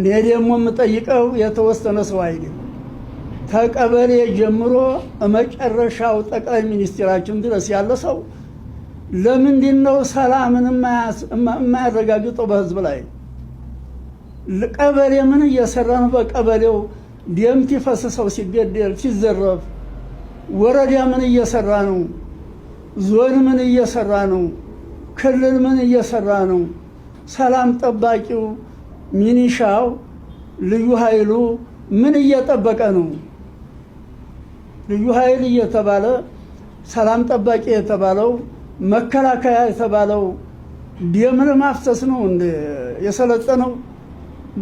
እኔ ደግሞ የምጠይቀው የተወሰነ ሰው አይደል ከቀበሌ ጀምሮ መጨረሻው ጠቅላይ ሚኒስትራችን ድረስ ያለ ሰው ለምንድን ነው ሰላምን የማያረጋግጠው በህዝብ ላይ? ቀበሌ ምን እየሰራ ነው? በቀበሌው ደም ሲፈሰሰው ሲገደል ሲዘረፍ፣ ወረዳ ምን እየሰራ ነው? ዞን ምን እየሰራ ነው? ክልል ምን እየሰራ ነው? ሰላም ጠባቂው ሚኒሻው፣ ልዩ ኃይሉ ምን እየጠበቀ ነው? ልዩ ኃይል እየተባለ ሰላም ጠባቂ የተባለው መከላከያ የተባለው ደም ለማፍሰስ ነው እንደ የሰለጠነው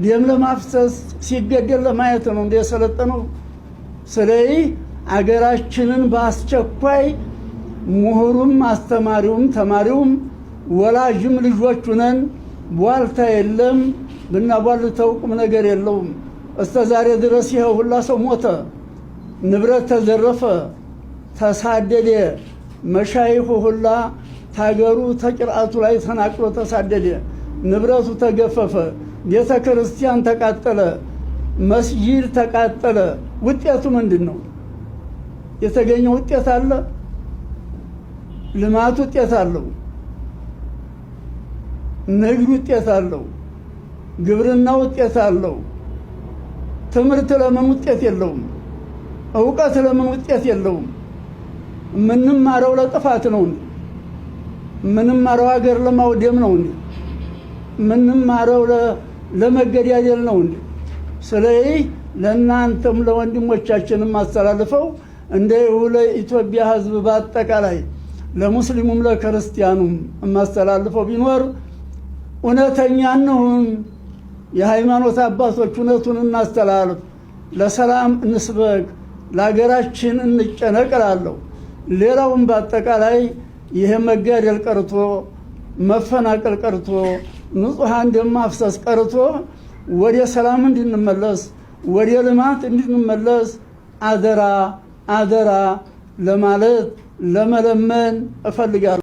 ደም ለማፍሰስ ሲገደል ለማየት ነው እንደ የሰለጠነው። ስለዚህ አገራችንን በአስቸኳይ ምሁሩም፣ አስተማሪውም፣ ተማሪውም፣ ወላጅም ልጆቹነን ሁነን ቧልታ የለም ብናቧልተው ቁም ነገር የለውም። እስተ ዛሬ ድረስ ይኸው ሁላ ሰው ሞተ፣ ንብረት ተዘረፈ፣ ተሳደደ። መሻይሁ ሁላ ታገሩ ተቅርአቱ ላይ ተናቅሎ ተሳደደ፣ ንብረቱ ተገፈፈ፣ ቤተ ክርስቲያን ተቃጠለ፣ መስጂድ ተቃጠለ። ውጤቱ ምንድን ነው? የተገኘ ውጤት አለ? ልማት ውጤት አለው። ንግድ ውጤት አለው። ግብርና ውጤት አለው። ትምህርት ለምን ውጤት የለውም? እውቀት ለምን ውጤት የለውም? የምንማረው ለጥፋት ነው እንዴ? የምንማረው ሀገር ለማውደም ነው እንዴ? የምንማረው ለመገዳደል ነው እንዴ? ስለዚህ ለእናንተም ለወንድሞቻችንም አስተላልፈው እንደ ለኢትዮጵያ ሕዝብ በአጠቃላይ ለሙስሊሙም ለክርስቲያኑም የማስተላልፈው ቢኖር እውነተኛ እንሁን። የሃይማኖት አባቶች እውነቱን እናስተላልፍ፣ ለሰላም እንስበክ፣ ለሀገራችን እንጨነቅላለሁ። ሌላውም በአጠቃላይ ይሄ መጋደል ቀርቶ መፈናቀል ቀርቶ ንጹሐን ደም ማፍሰስ ቀርቶ ወደ ሰላም እንድንመለስ ወደ ልማት እንድንመለስ አደራ አደራ ለማለት ለመለመን እፈልጋለሁ።